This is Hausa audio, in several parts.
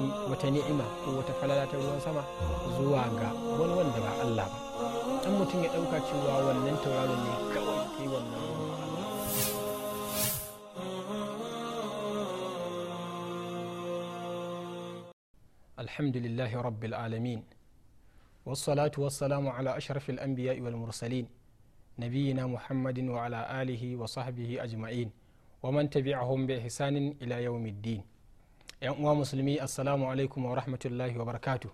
faɗi wata ni'ima ko wata falala ta ruwan sama zuwa ga wani wanda ba Allah ba dan mutum ya ɗauka cewa wannan tauraron ne kawai ke wannan الحمد لله رب العالمين والصلاة والسلام على أشرف الأنبياء والمرسلين نبينا محمد وعلى آله وصحبه أجمعين ومن تبعهم بإحسان إلى يوم الدين 'yan uwa musulmi assalamu alaikum wa rahmatullahi wa barakatu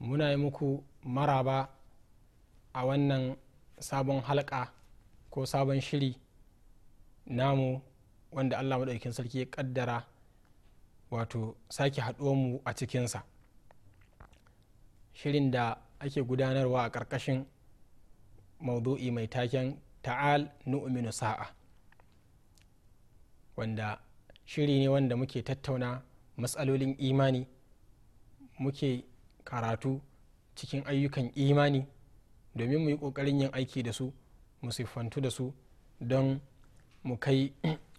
muna yi muku maraba a wannan sabon halka ko sabon shiri namu wanda allah maɗaukin sarki ya ƙaddara wato sake mu a cikinsa shirin da ake gudanarwa a ƙarƙashin maudu'i mai taken ta'al nu'minu sa'a wanda shiri ne wanda muke tattauna matsalolin imani muke karatu cikin ayyukan imani domin mu yi ƙoƙarin yin aiki da su mu siffantu da su don mu kai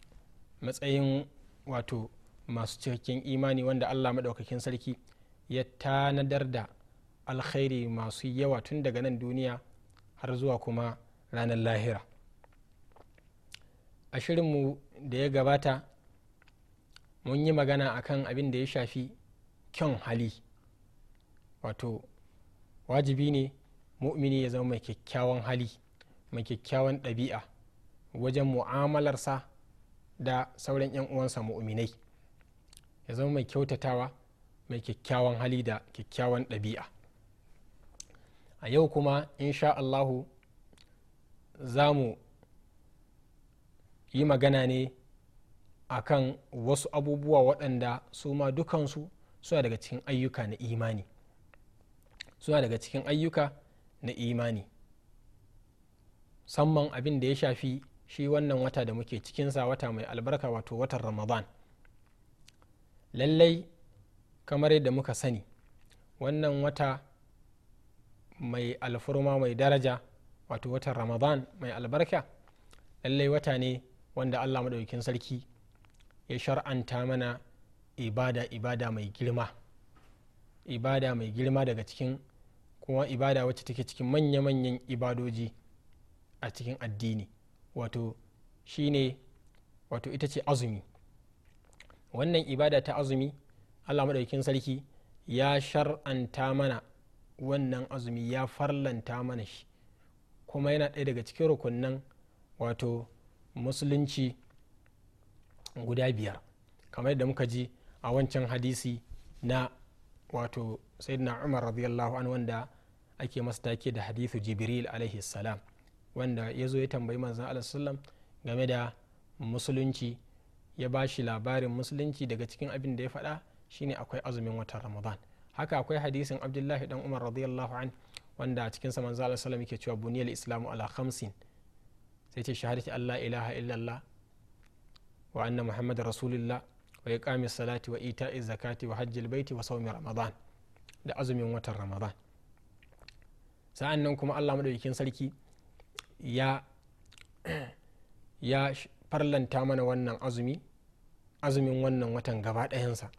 matsayin wato masu cikakken imani wanda allah maɗaukakin sarki ya tanadar da alkhairi masu yawa tun daga nan duniya har zuwa kuma ranar lahira a shirinmu da ya gabata mun yi magana akan abin da ya shafi kyan hali wato wajibi ne mu'mini ya zama mai kyakkyawan hali mai kyakkyawan ɗabi'a wajen mu'amalarsa da sauran 'yan uwansa mu'minai ya zama mai kyautatawa mai kyakkyawan hali da kyakkyawan ɗabi'a a yau kuma insha allahu za mu yi magana ne akan wasu abubuwa waɗanda su ma dukansu suna daga cikin ayyuka na imani suna daga cikin ayyuka na imani musamman abin da ya shafi shi wannan wata da muke cikinsa wata mai albarka wato watan ramadan lallai kamar yadda muka sani wannan wata mai alfurma mai daraja wato watan ramadan mai albarka lallai wata ne wanda allah maɗaukin sarki ya shar'anta mana ibada ibada mai girma ibada mai girma daga cikin kuma ibada wacce take cikin manya-manyan ibadoji a cikin addini wato shi ne wato ita ce azumi wannan ibada ta azumi allah maɗaukin sarki ya shar'anta mana wannan azumi ya farlanta mana shi kuma yana ɗaya daga cikin rukunnan wato musulunci guda biyar kamar yadda muka ji a wancan hadisi na wato sayyidina umar radiyallahu an wanda ake masa take da hadithu jibril alaihi salam wanda ya zo ya tambayi manzan alasallam game da musulunci ya ba shi labarin musulunci daga cikin abin da ya faɗa shine akwai azumin watan ramadan haka akwai hadisin abdullahi dan umar radiyallahu an wanda cikin cikinsa manzan salam yake cewa buniyar islamu ala khamsin sai ce shahadati allah ilaha illallah wa muhammad rasulullah wa iqami salati wa ita zakati wa hajjil baiti wa sawmi ramadan da azumin watan ramadan sa'an nan kuma allah madaukakin sarki ya ya farlanta mana wannan azumi azumin wannan watan gaba ɗayansa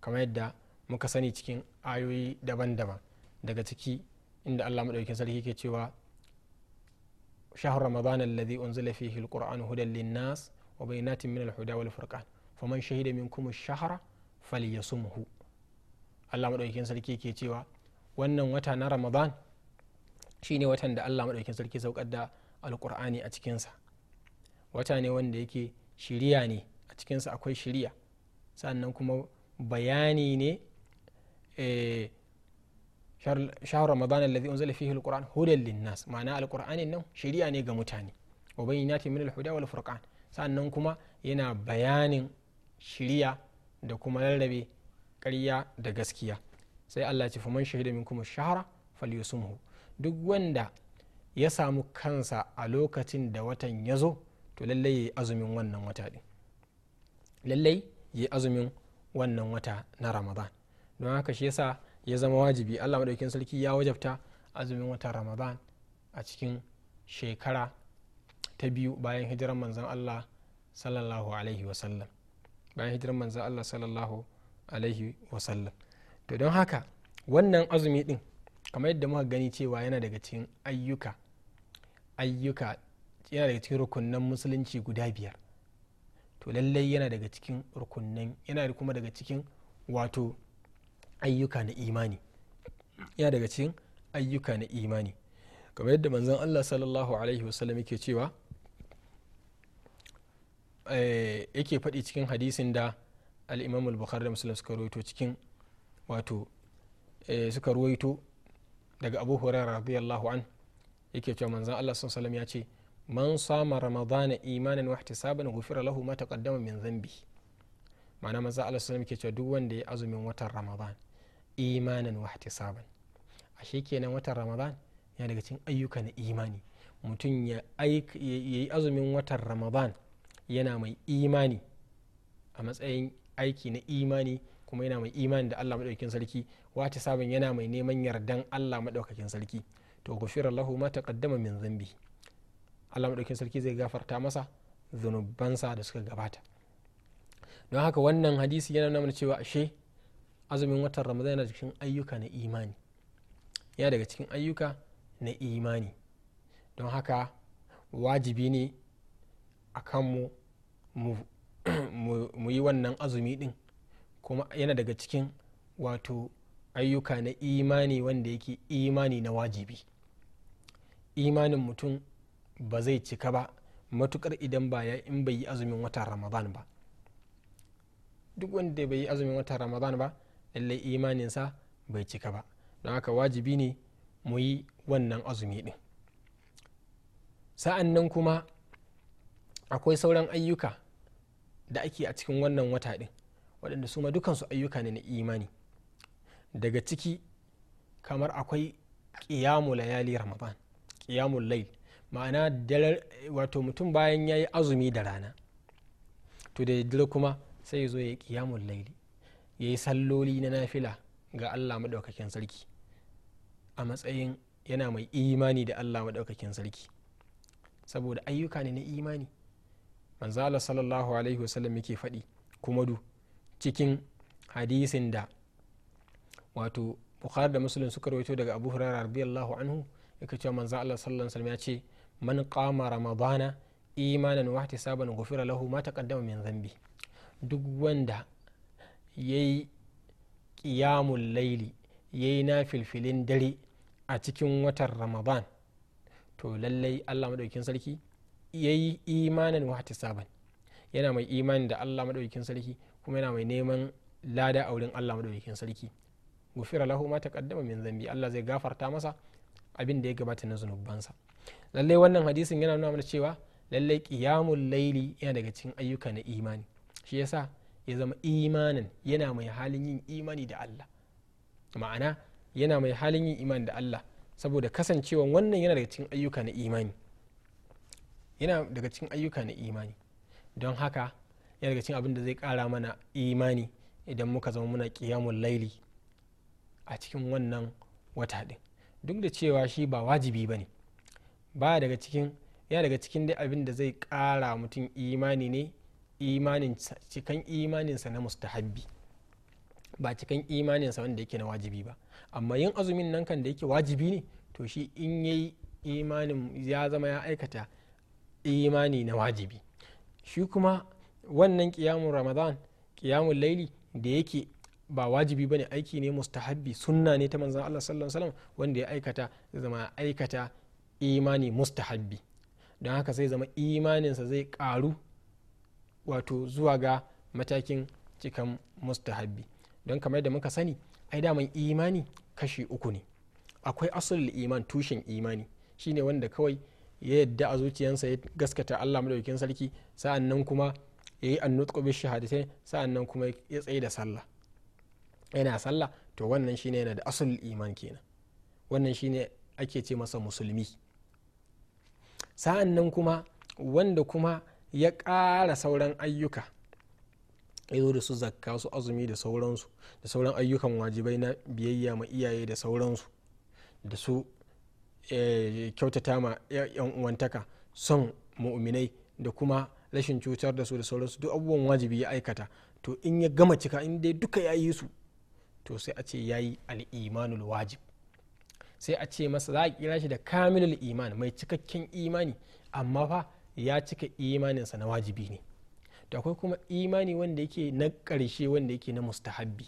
kamar yadda muka sani cikin ayoyi daban-daban daga ciki inda allah maɗaukin sarki ke cewa shahar ramadan alladhi unzila fihi alquran hudan linnas wa bayyinatin min al-huda wal furqan faman shahida minkum ash-shahra falyasumhu Allah madaukakin sarki cewa wannan wata na Ramadan ne watan da Allah madaukakin sarki saukar da alkurani a cikinsa. wata ne wanda yake shirya ne a cikinsa akwai shiriya sannan kuma bayani ne shahar ramadan alladhi unzila fihi alquran hudan linnas ma'ana alkur'ani nan shirya ne ga mutane wa bayyinatin min alhuda wal furqan sannan kuma yana bayanin shirya da kuma rarrabe karya da gaskiya sai allah ce fuman shahida min kuma shahara falyusumhu duk wanda ya samu kansa a lokacin da watan ya zo to lallai ya yi azumin wannan wata ɗin lallai ya yi azumin wannan wata na ramadan don haka shi yasa ya zama wajibi allah maɗaukin sarki ya wajabta azumin watan ramadan a cikin shekara ta biyu bayan hijiran manzan Allah sallallahu alaihi wasallam bayan hijiran manzan Allah sallallahu alaihi wasallam to don haka wannan azumi din kamar yadda muka gani cewa yana daga cikin ayyuka ayyuka yana daga cikin rukunnan musulunci guda biyar to lallai yana daga cikin rukunnan yana kuma daga cikin wato ayyuka na imani yana daga cikin ayyuka na imani kamar yadda manzon Allah sallallahu alaihi wasallam yake cewa Eh, yake faɗi cikin hadisin da al'imam al-bukhari da musulun suka ruwaito cikin wato eh, suka ruwaito daga abu hurairah radiyallahu an yake cewa manzan Allah sun salam ya ce man sama ramadana imanin wa ihtisaban gufira lahu ma taqaddama min dhanbi ma'ana manzon Allah sun yake cewa duk wanda ya azumin watan ramadan imanin wa ihtisaban ashe kenan watan ramadan ya daga cikin ayyuka na imani mutum ya yi azumin watan ramadan yana mai imani a matsayin aiki na imani kuma yana mai imani da allah maɗaukakin sarki wace sabon yana mai neman yardan allah maɗaukakin sarki to gufira lahu ma ta kaddama min zambi allah maɗaukakin sarki zai gafarta masa zunubansa da suka gabata don haka wannan hadisi yana nuna cewa ashe azumin watan ramadan yana cikin ayyuka na imani yana daga cikin ayyuka na imani don haka wajibi ne a kanmu mu yi wannan azumi din kuma yana daga cikin wato ayyuka na imani wanda yake imani na wajibi imanin mutum ba zai cika ba matukar idan ba ya in bai yi azumin wata ramadan ba duk wanda bai yi azumin watan ramadan ba lallai imaninsa bai cika ba don haka wajibi ne mu yi wannan azumi din sa'an nan kuma akwai sauran ayyuka da ake a cikin wannan wata ɗin waɗanda su ma dukansu ayyuka ne na imani daga ciki kamar akwai ƙiyamu layali ramadan ƙiyamun lail ma'ana wato mutum bayan ya yi azumi da rana to da dare kuma sai ya zo ya yi ƙiyamun laili ya yi salloli na nafila ga allah maɗaukakin sarki a matsayin yana mai imani da allah maɗaukakin sarki saboda ayyuka ne na imani manzala sallallahu alaihi wasallam yake faɗi kuma du cikin hadisin da wato bukhari da muslim suka rawaito daga abu hurairah radiyallahu anhu yake cewa manzo Allah sallallahu alaihi wasallam ya ce man qama ramadana imanan wa ihtisaban ghufira lahu ma taqaddama min dhanbi duk wanda yayi qiyamul laili yayi nafilfilin dare a cikin watan ramadan to lallai Allah madaukin sarki ya yi imanin wata saban yana mai imanin da allah maɗaukakin sarki kuma yana mai neman lada a wurin allah maɗaukakin sarki gufira lahu ma taqaddama min zambi allah zai gafarta masa abin da ya gabata na zunubansa lallai wannan hadisin yana nuna mana cewa lallai qiyamul laili yana daga cikin ayyuka na imani shi yasa ya zama imanin yana mai halin yin imani da allah ma'ana yana mai halin yin imani da allah saboda kasancewa wannan yana daga cikin ayyuka na imani yana daga cikin ayyuka na imani don haka yana daga cikin abin da zai kara mana imani idan muka zama muna kiyamun laili a cikin wannan wata din duk da cewa shi ba wajibi ba ne ba daga cikin yana daga cikin dai abin da zai kara mutum imani ne imanin cikan imaninsa na mustahabbi ba cikan imaninsa wanda yake na wajibi ba amma yin azumin nan kan da yake wajibi ne to shi in yayi imanin ya zama ya aikata imani na wajibi shi kuma wannan kiyamun ramadan kiyamun laili da yake ba wajibi bane aiki ne mustahabbi sunna ne ta manzan Allah sallallahu alaihi wasallam wanda ya aikata zai zama aikata imani mustahabbi don haka sai zama imaninsa zai karu wato zuwa ga matakin cikan mustahabbi don kamar da muka sani ai da daman imani kashi uku ne akwai asulul iman tushen imani shine wanda kawai ya yadda a zuciyarsa ya gaskata Allah madaukakin sarki sa'an nan kuma ya yi annutqu bi shahadatai sa'an nan kuma ya tsaye da sallah yana sallah to wannan shine yana da asul iman kenan wannan shine ake ce masa musulmi sa'an nan kuma wanda kuma ya ƙara sauran ayyuka ya zo da su zakka su azumi da sauransu da sauran ayyukan wajibai na biyayya ma iyaye da sauransu da su Eh, kyautata ma yan uwantaka son mu'minai da kuma rashin cutar da su da sauransu duk abubuwan wajibi ya aikata to in ya gama cika in dai duka ya yi su to sai a ce ya yi al'imanul wajib sai a ce masa za a kira shi da kamilul iman mai cikakken imani amma fa ya cika imaninsa na wajibi ne to akwai kuma imani wanda yake na ƙarshe wanda yake na mustahabbi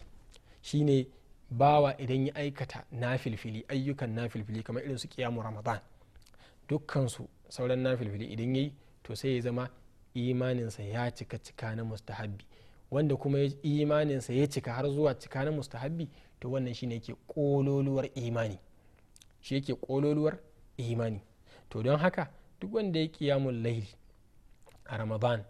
shine bawa idan ya aikata nafilfili ayyukan nafilfili kamar irin su kiyamu ramadan dukkansu sauran nafilfili idan yayi to sai ya zama imaninsa ya cika cika na mustahabbi wanda kuma imaninsa ya cika har zuwa cika na mustahabbi to wannan shine ke kololuwar imani shi yake kololuwar imani to don haka duk wanda ya kiyamu laili a ramadan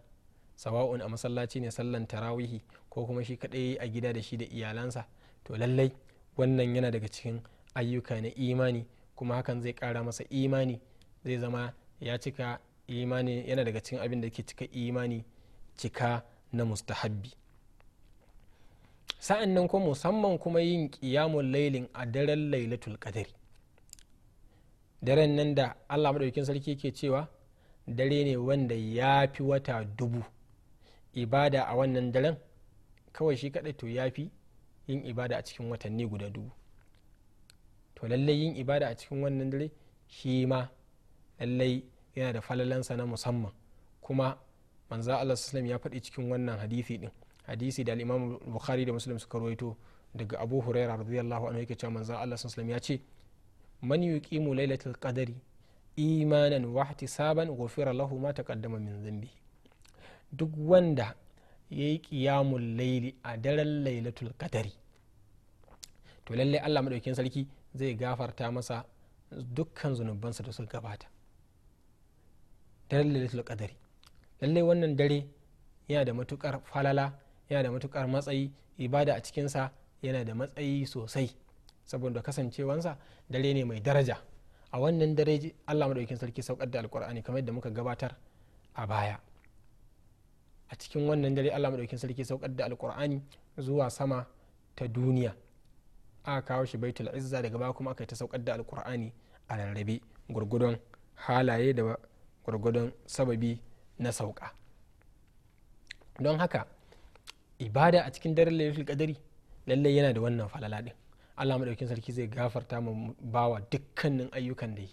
sawa'un a masallaci ne sallan tarawihi ko kuma shi kadai a gida da shi da iyalansa to lallai wannan yana daga cikin ayyuka na imani kuma hakan zai kara masa imani zai zama ya cika imani yana daga cikin abin da ke cika imani cika na mustahabbi sa'an nan kuma musamman kuma yin kiyamun lailin a daren lailatul qadari daren nan da allah maɗaukin sarki ke cewa dare ne wanda ya fi wata dubu ibada a wannan daren kawai shi kaɗai to yafi. yin ibada a cikin watanni guda dubu to lallai yin ibada a cikin wannan dare shi ma lallai yana da falalansa na musamman kuma manza Allah sallam ya faɗi cikin wannan hadisi din hadisi da al-Imam Bukhari da Muslim suka rawaito daga Abu Huraira radiyallahu anhu yake cewa manza Allah sallam ya ce man yuqimu lailatul qadri imanan wa ihtisaban ghufira lahu ma taqaddama min dhanbi duk wanda ya yi ƙiyamun laili a daren lailatul kadari to lallai allah maɗaukin sarki zai gafarta masa dukkan zunubansa da suka gabata daren lailatul kadari lallai wannan dare yana da matukar falala yana da matukar matsayi ibada a cikinsa yana da matsayi sosai saboda kasancewansa dare ne mai daraja a wannan dare allah maɗaukin sarki saukar da alkur'ani kamar yadda muka gabatar a baya a cikin wannan dare allah maɗaukin sarki saukar da alkur'ani zuwa sama ta duniya A kawo shi baitul izza daga baya kuma aka ta saukar da alkur'ani a rarrabe gwargwadon halaye da gwargwadon sababi na sauka don haka ibada a cikin daren lailatul kadari lallai yana da wannan falala din allah maɗaukin sarki zai gafarta mu bawa dukkanin ayyukan da yi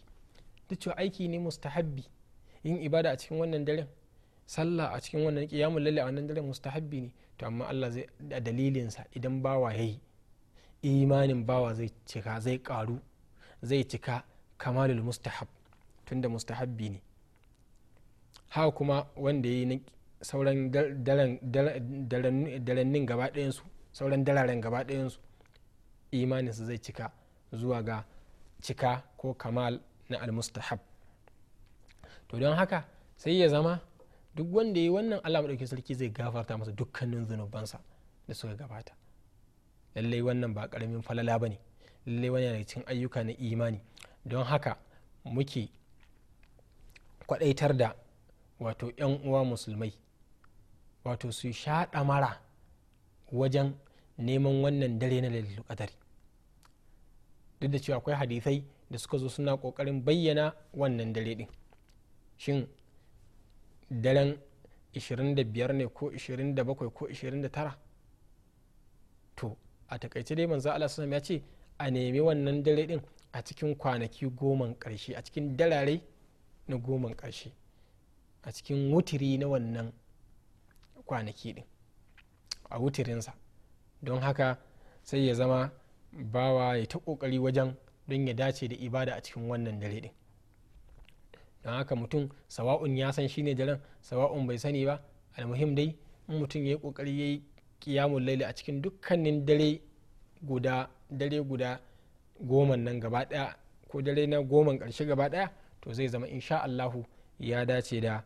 duk cewa aiki ne mustahabbi yin ibada a cikin wannan daren sallah a cikin wannan kiyamun lalle a wannan daren mustahabbi ne to amma Allah zai da dalilin sa idan bawa yayi imanin bawa zai cika zai karu zai cika kamalul mustahab tunda mustahabbi ne ha kuma wanda yayi sauran darannin gaba ɗayansu sauran dararen gaba ɗayansu imaninsu zai cika zuwa ga cika ko kamal na al mustahab to don haka sai ya zama duk wanda ya yi wannan allah maɗauki sarki zai gafarta masa dukkanin zunubansa da suka gabata lallai wannan ba ƙaramin falala ba ne lallai wani yana cikin ayyuka na imani don haka muke kwaɗaitar da wato 'yan uwa musulmai wato su shaɗa mara wajen neman wannan dare na lailatul qadari duk da cewa akwai hadisai da suka zo suna ƙoƙarin bayyana wannan dare ɗin shin daren 25 ne ko 27 ko 29 to a takaice dai manzo Allah ya ce a nemi wannan dare din a cikin kwanaki goman karshe a cikin darare na goman karshe a cikin wutiri na wannan kwanaki din a wutirinsa don haka sai ya zama bawa ya ta kokari wajen don ya dace da ibada a cikin wannan dare din don haka mutum sawa'un ya san shine daren sawa'un bai sani ba almuhim dai in mutum ya yi kokari ya yi kiyamun laili a cikin dukkanin dare guda dare guda goma nan gaba daya ko dare na goman karshe gaba daya to zai zama insha Allahu ya dace da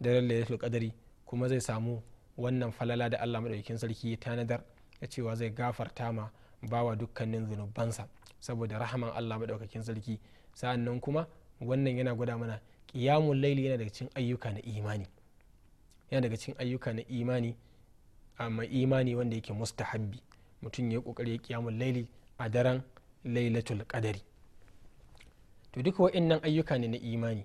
daren lailatul qadari kuma zai samu wannan falala da Allah madaukakin sarki ya tanadar ya cewa zai gafarta ma bawa dukkanin zunubansa saboda rahaman Allah madaukakin sarki sa'annan kuma wannan yana gwada mana qiyamul laili yana daga cikin ayyuka na imani yana daga cikin ayyuka na imani amma imani wanda yake mustahabbi mutum ya kokari ya qiyamul laili a daren lailatul qadari to duka wa'annan ayyuka ne na imani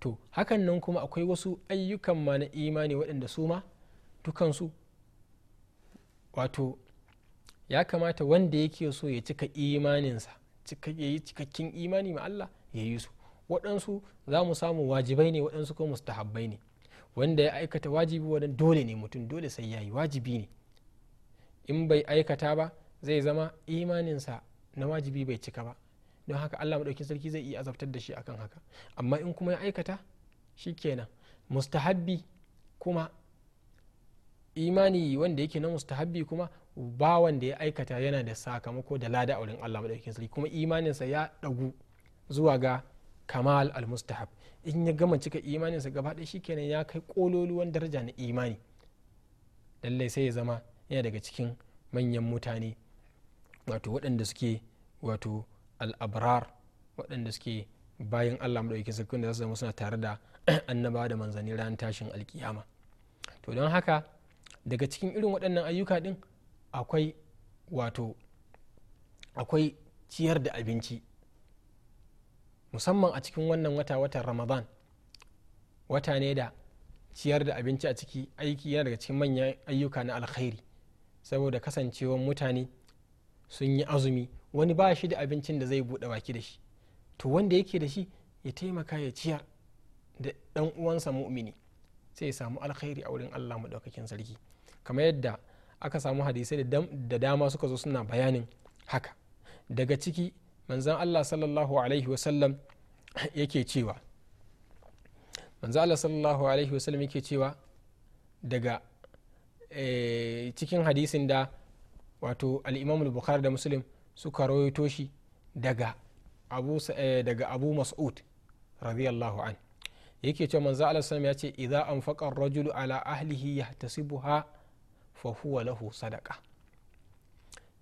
to hakan nan kuma akwai wasu ayyukan ma na imani waɗanda su ma dukansu wato ya kamata wanda yake so ya cika imaninsa ya yi cikakken imani ma Allah ya yi su waɗansu za mu samu wajibai ne waɗansu kuma mustahabbai ne wanda ya aikata wajibi wadan dole ne mutum dole sai ya yi wajibi ne in bai aikata ba zai zama imaninsa na wajibi bai cika ba don haka allah maɗaukin sarki zai iya azabtar da shi akan haka amma in kuma ya aikata shi kenan mustahabbi kuma imani wanda yake na mustahabbi kuma ba wanda ya aikata yana da sakamako da lada a wurin allah maɗaukin sarki kuma imaninsa ya ɗagu zuwa ga kamal al mustahab in ya gama cika imanin sa gaba ɗaya shikenan ya kai kololuwan daraja na imani lallai sai ya zama yana daga cikin manyan mutane wato waɗanda suke wato al'abrar waɗanda suke bayan allah maɗauki sarkin da za su zama suna tare da annaba da manzani ran tashin alkiyama to don haka daga cikin irin waɗannan ayyuka ɗin akwai wato akwai ciyar da abinci musamman a cikin wannan wata watan ramadan wata ne da ciyar da abinci a ciki aiki yana daga cikin manyan ayyuka na alkhairi saboda kasancewar mutane sun yi azumi wani ba shi da abincin da zai buɗe baki da shi to wanda yake da shi ya taimaka ya ciyar da ɗan uwansa mu'mini sai ya samu alkhairi a wurin allah maɗaukakin sarki kamar yadda aka samu hadisai da dama suka zo suna bayanin haka daga ciki manzan allah sallallahu alaihi wasallam yake cewa manzo Allah sallallahu alaihi wasallam yake cewa daga eh, cikin hadisin da wato al-Imam bukhari da Muslim suka rawaito shi daga Abu eh, daga Abu Mas'ud radiyallahu an yake cewa manzo Allah sallallahu ya yace idza anfaqa ar-rajulu ala ahlihi yahtasibuha fa huwa lahu sadaqa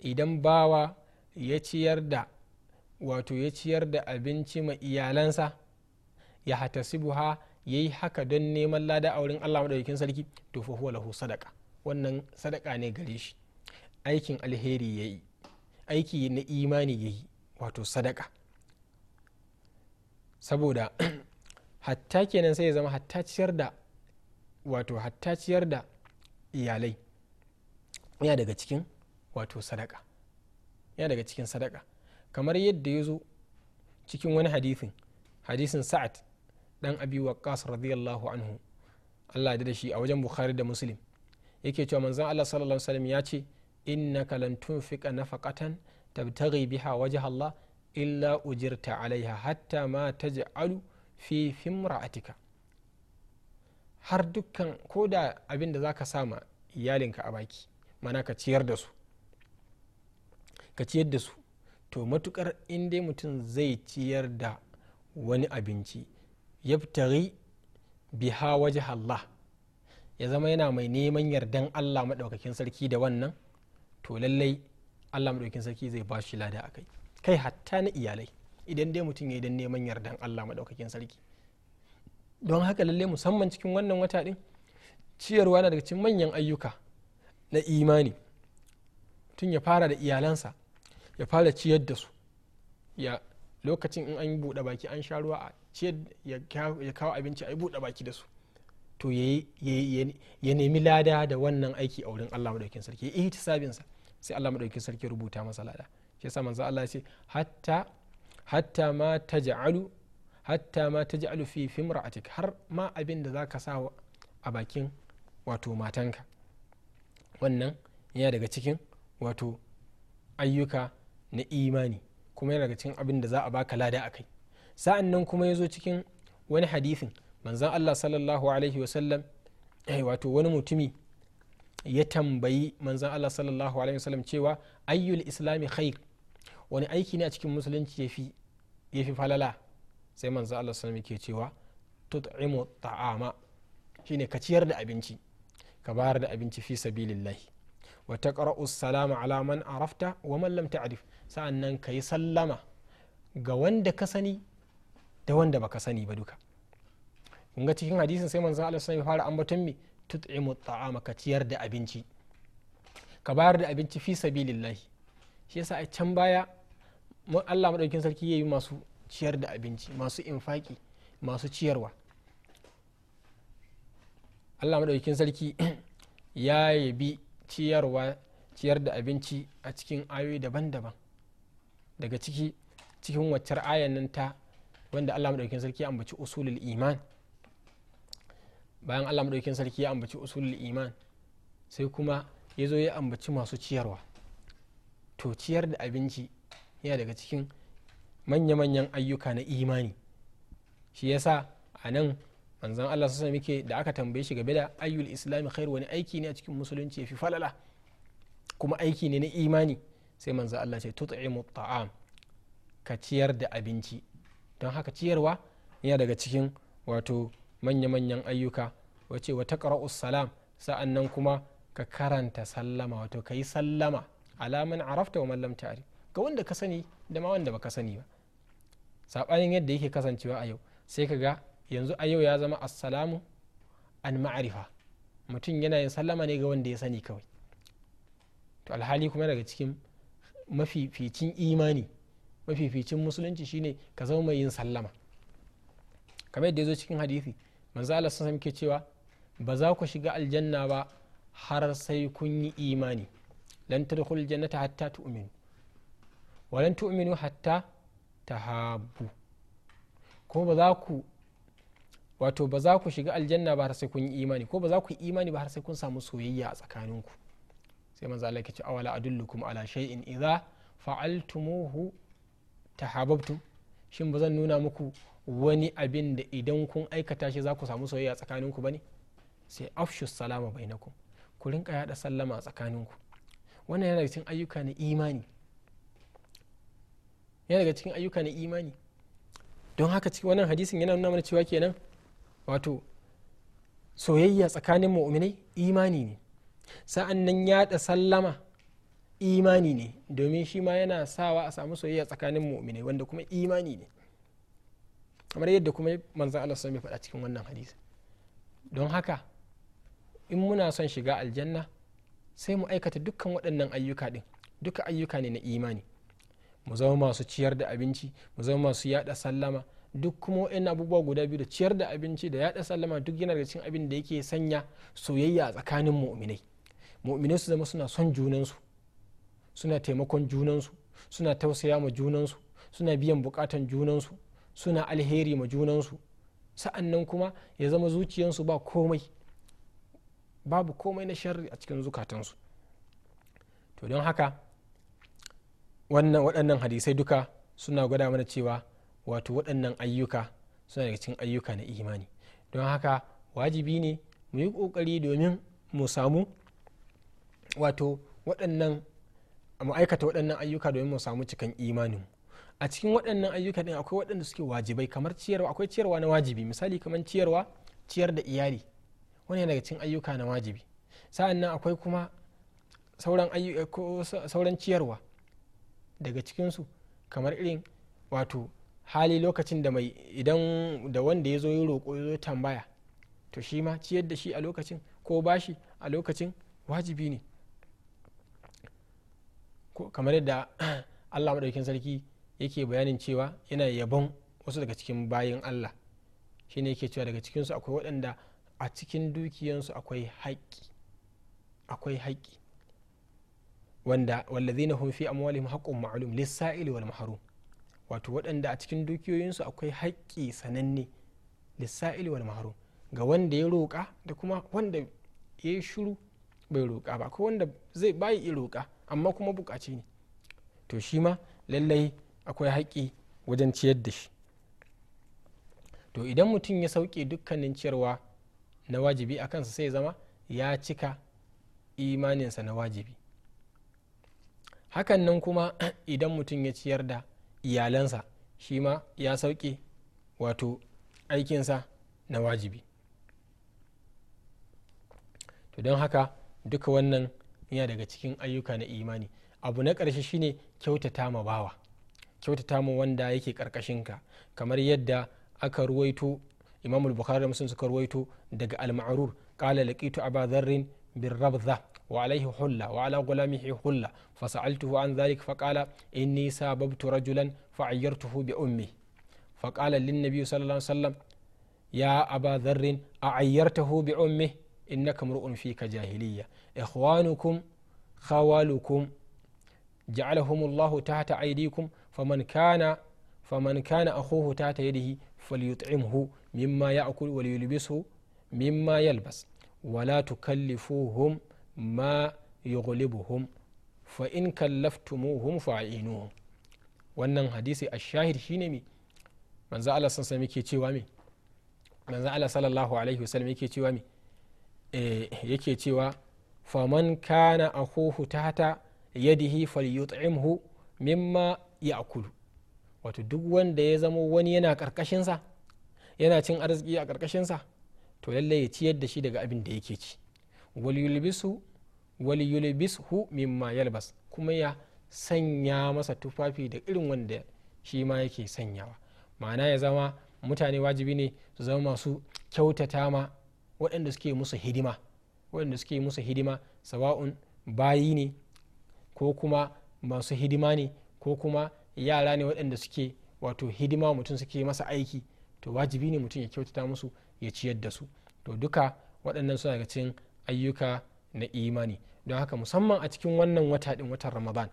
idan bawa ya ciyar da wato ya ciyar da abinci ma iyalansa ya ha ya yi haka don neman lada a wurin allah maɗaukin sarki to fahuwa lahu sadaka wannan sadaka ne gare shi aikin alheri ya yi aiki na imani ya yi wato sadaka saboda hatta kenan sai ya zama hatta ciyar da wato hatta ciyar da iyalai yana daga cikin wato sadaka yana daga cikin sadaka kamar yadda ya zo cikin wani hadithin hadisin sa'ad dan abi waqqas radiyallahu anhu Allah da shi a wajen bukhari da muslim yake cewa manzon Allah sallallahu alaihi wasallam ya ce innaka lan tunfiqa nafaqatan tabtaghi biha wajha Allah illa ujirta alaiha hatta ma taj'alu fi fimra'atika har dukkan ko da abin da zaka sama iyalinka a baki mana ka ciyar da su ka ciyar da su to matukar in dai mutum zai ciyar da wani abinci ya fitari biha waje Allah ya zama yana mai neman yardan Allah maɗaukakin sarki da wannan to lallai Allah maɗaukakin sarki zai ba shi lada a kai kai hatta na iyalai idan dai mutum ya yi don neman yardan Allah maɗaukakin sarki don haka lallai musamman cikin wannan wata ɗin ciyarwa na daga cikin manyan ayyuka na imani tun ya fara da iyalansa ya fara ciyar da su ya lokacin in an yi buɗe baki an sha ruwa a ciyar ya kawo abinci a yi buɗe baki da su to ya nemi lada da wannan aiki a wurin Allah madaukakin sarki ya ihtisabin sa sai Allah madaukakin sarki rubuta masa lada shi yasa manzo Allah ce hatta hatta ma taj'alu hatta ma taj'alu fi fimra'atik har ma abin da zaka sa a bakin wato matanka wannan yana daga cikin wato ayyuka na imani kuma yana daga cikin abin da za a baka lada akai sa'an nan kuma ya zo cikin wani hadithin manzan allah sallallahu alaihi wasallam eh, wato wani mutumi ya tambayi manzan allah sallallahu alaihi wasallam cewa ayyul islami khair wani aiki ne a cikin musulunci ya fi falala sai manzan allah sallallahu alaihi cewa tut'imu ta'ama shine ka ciyar da abinci ka bayar da abinci fi sabilillahi wa taqra'u salama ala man arafta wa man lam ta'rif sa'an nan ka yi sallama ga wanda ka sani da wanda baka sani ba duka In ga cikin hadisin sai manzon Allah sai fara ambaton mi tut'imu ta'ama ka ciyar da abinci ka bayar da abinci fi sabilillah shi yasa a can baya Allah madaukin sarki yayi masu ciyar da abinci masu infaki masu ciyarwa Allah madaukin sarki ya yabi ciyarwa ciyar da abinci a cikin ayoyi daban-daban daga ciki cikin waccar ayan nan ta wanda Allah maɗaukin sarki ya ambaci usulul iman bayan Allah maɗaukin sarki ya ambaci usulul iman sai kuma ya zo ya ambaci masu ciyarwa to ciyar da abinci yana daga cikin manya-manyan ayyuka na imani shi yasa a nan manzan Allah sassa ke da aka tambaye shi game da ayyul islami khair wani aiki ne a cikin musulunci ya fi falala kuma aiki ne na imani sai manzo Allah ce tut'imu ta'am ka ciyar da abinci don haka ciyarwa yana daga cikin wato manya-manyan ayyuka wace wata taqra'u salam sa'an nan kuma ka karanta sallama wato ka sallama alaman arafta wa mallam ta'ari ga wanda ka sani da ma wanda baka sani ba saɓanin yadda yake kasancewa a yau sai ka ga yanzu a yau ya zama assalamu an ma'arifa mutum yana yin sallama ne ga wanda ya sani kawai to alhali kuma daga cikin mafificin imani mafificin musulunci shine ka zama mai yin sallama kamar yadda ya zo cikin hadisi manzo Allah sun ke cewa ba za ku shiga aljanna ba har sai kun yi imani lan tadkhul jannata hatta tu'minu wa lan tu'minu hatta tahabbu ko ba za ku wato ba za ku shiga aljanna ba har sai kun yi imani ko ba za ku yi imani ba har sai kun samu soyayya a tsakaninku sai manzo Allah yake ce awala adullukum ala shay'in idza fa'altumuhu tahabbtum shin ba zan nuna muku wani abin da idan kun aikata shi za ku samu soyayya tsakaninku bane sai afshu salama bainakum ku rinka yada sallama tsakaninku wannan yana daga cikin ayyuka na imani yana daga cikin ayyuka na imani don haka cikin wannan hadisin yana nuna mana cewa kenan wato soyayya tsakanin mu'minai imani ne sa'an nan yaɗa sallama imani ne domin shi ma yana sawa a samu soyayya tsakanin mu'minai wanda kuma imani ne kamar yadda kuma manzan Allah sun faɗa cikin wannan hadisi don haka in muna son shiga aljanna sai mu aikata dukkan waɗannan ayyuka ɗin duka ayyuka ne na imani mu zama masu ciyar da abinci mu zama masu yaɗa sallama duk kuma wa'in abubuwa guda biyu da ciyar da abinci da yaɗa sallama duk yana da cikin abin da yake sanya soyayya a tsakanin mu'uminai. muminai su zama suna son junansu suna taimakon junansu suna tausaya ma junansu suna biyan bukatan junansu suna alheri ma junansu sa'an nan kuma ya zama zuciyansu ba komai babu komai na sharri a cikin zukatansu to don haka wannan waɗannan hadisai duka suna gwada mana cewa wato waɗannan ayyuka suna daga cikin ayyuka na imani don haka wajibi ne mu yi ƙoƙari domin mu samu wato waɗannan mu aikata waɗannan ayyuka domin mu samu cikan imanin a cikin waɗannan ayyuka din akwai waɗanda suke wajibai kamar ciyarwa akwai ciyarwa na wajibi misali kamar ciyarwa ciyar da iyali wani yana daga cikin ayyuka na wajibi sa'an nan akwai kuma sauran eh, sauran ciyarwa daga cikinsu kamar irin wato hali lokacin da mai idan da wanda ya zo yi roƙo ya zo tambaya to shi ma ciyar da shi a lokacin ko bashi a lokacin wajibi ne kamar yadda allah maɗaukin sarki yake bayanin cewa yana yabon wasu daga cikin bayin allah shine yake cewa daga cikinsu akwai waɗanda a cikin dukiyansu akwai haƙƙi akwai haƙƙi wanda wallazi na hunfi amwalihim haqqun ma'lum ma'alum sail wal maharum wato waɗanda a cikin dukiyoyinsu akwai haƙƙi sananne lis wal maharum ga wanda ya roƙa da kuma wanda ya yi shiru bai roƙa ba ko wanda zai bayi iya roƙa amma kuma buƙaci ne to shi ma lallai akwai haƙƙi wajen ciyar da shi to idan mutum ya sauke dukkanin ciyarwa na wajibi a kansa sai zama ya cika imaninsa na wajibi hakan nan kuma idan mutum ya ciyar da iyalansa shi ma ya sauke wato aikinsa na wajibi to don haka duka wannan yana daga cikin ayyuka na imani abu na ƙarshe shine kyautata ma bawa kyautata ma wanda yake ka kamar yadda aka ruwaito imam bukhari muslim suka ruwaito daga al-ma'rur qala laqitu aba dharrin bir rabdha wa alayhi hulla wa ala gulamihi hulla fa sa'altuhu an dhalik fa qala inni sababtu rajulan fa ayyartuhu bi ummi fa qala lin nabiy sallallahu alaihi wasallam ya aba dharrin a'ayyartahu bi ummi إنك امرؤ فيك جاهلية إخوانكم خوالكم جعلهم الله تحت أيديكم فمن كان فمن كان أخوه تحت يده فليطعمه مما يأكل وليلبسه مما يلبس ولا تكلفوهم ما يغلبهم فإن كلفتموهم فأعينوهم wannan hadisi a shahid shine mi manzo Allah sun sami ke cewa mi manzo Allah sallallahu alaihi wasallam yake cewa mi Eh, yake cewa faman kana ta hata yadihi falyut'imhu mimma kulu wato duk wanda ya zama wani yana karkashinsa yana cin arziki a karkashinsa to lallai ya ciyar da shi daga abin da yake ci waliyulbisu hu mimma yalbas kuma ya sanya masa tufafi da irin wanda shi ma yake sanyawa ma'ana ya zama mutane wajibi ne su zama masu kyautata ma waɗanda suke musu hidima waɗanda suke musu hidima sawa'un bayi ne ko kuma masu hidima ne ko kuma yara ne waɗanda suke wato hidima mutum suke masa aiki to wajibi ne mutum ya kyautata musu ya ciyar da su to duka waɗannan suna daga cikin ayyuka na imani don haka musamman a cikin wannan wata ɗin watan ramadan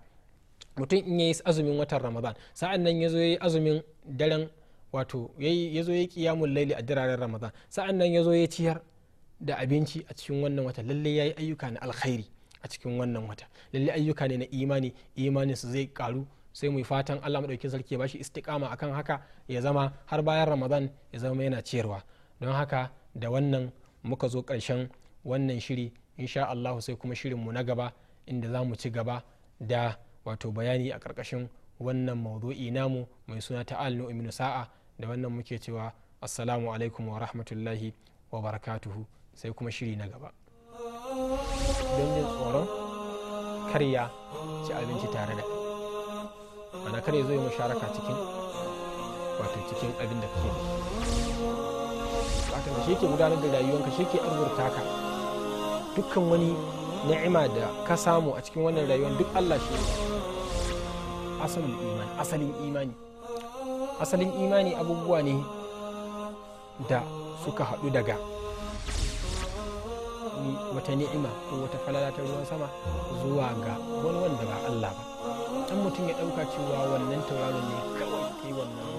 mutum in yayi azumin watan ramadan sa'an nan ya zo yayi azumin daren wato ya zo ya kiyamun laili a diraren ramadan sa'an nan ya zo ya ciyar da abinci a cikin wannan wata lallai ya yi ayyuka na alkhairi a cikin wannan wata lalle ayyuka ne na imani imanin su zai karu sai mu fatan Allah madauki sarki ya bashi istiqama akan haka ya zama har bayan Ramadan ya zama yana ciyarwa don haka da wannan muka zo karshen wannan shiri insha Allah sai kuma shirin mu na gaba inda za mu ci gaba da wato bayani a karkashin wannan mawdu'i namu mai suna ta'al nu'minu sa'a da wannan muke cewa assalamu alaikum wa rahmatullahi wa barakatuhu sai kuma shiri na gaba don jin tsoron karya ci abinci tare da ana kar ya zo yi musharaka cikin wato cikin abin da kake da wato shi ke gudanar da rayuwanka shi ke arzurta ka dukkan wani ni'ima da ka samu a cikin wannan rayuwar duk Allah shi asalin imani asalin imani asalin imani abubuwa ne da suka haɗu daga wata ni'ima ko wata falala ta ruwan sama zuwa ga wani wanda ba Allah ba dan mutum ya ɗauka cewa wannan tauraron ne kawai kai wannan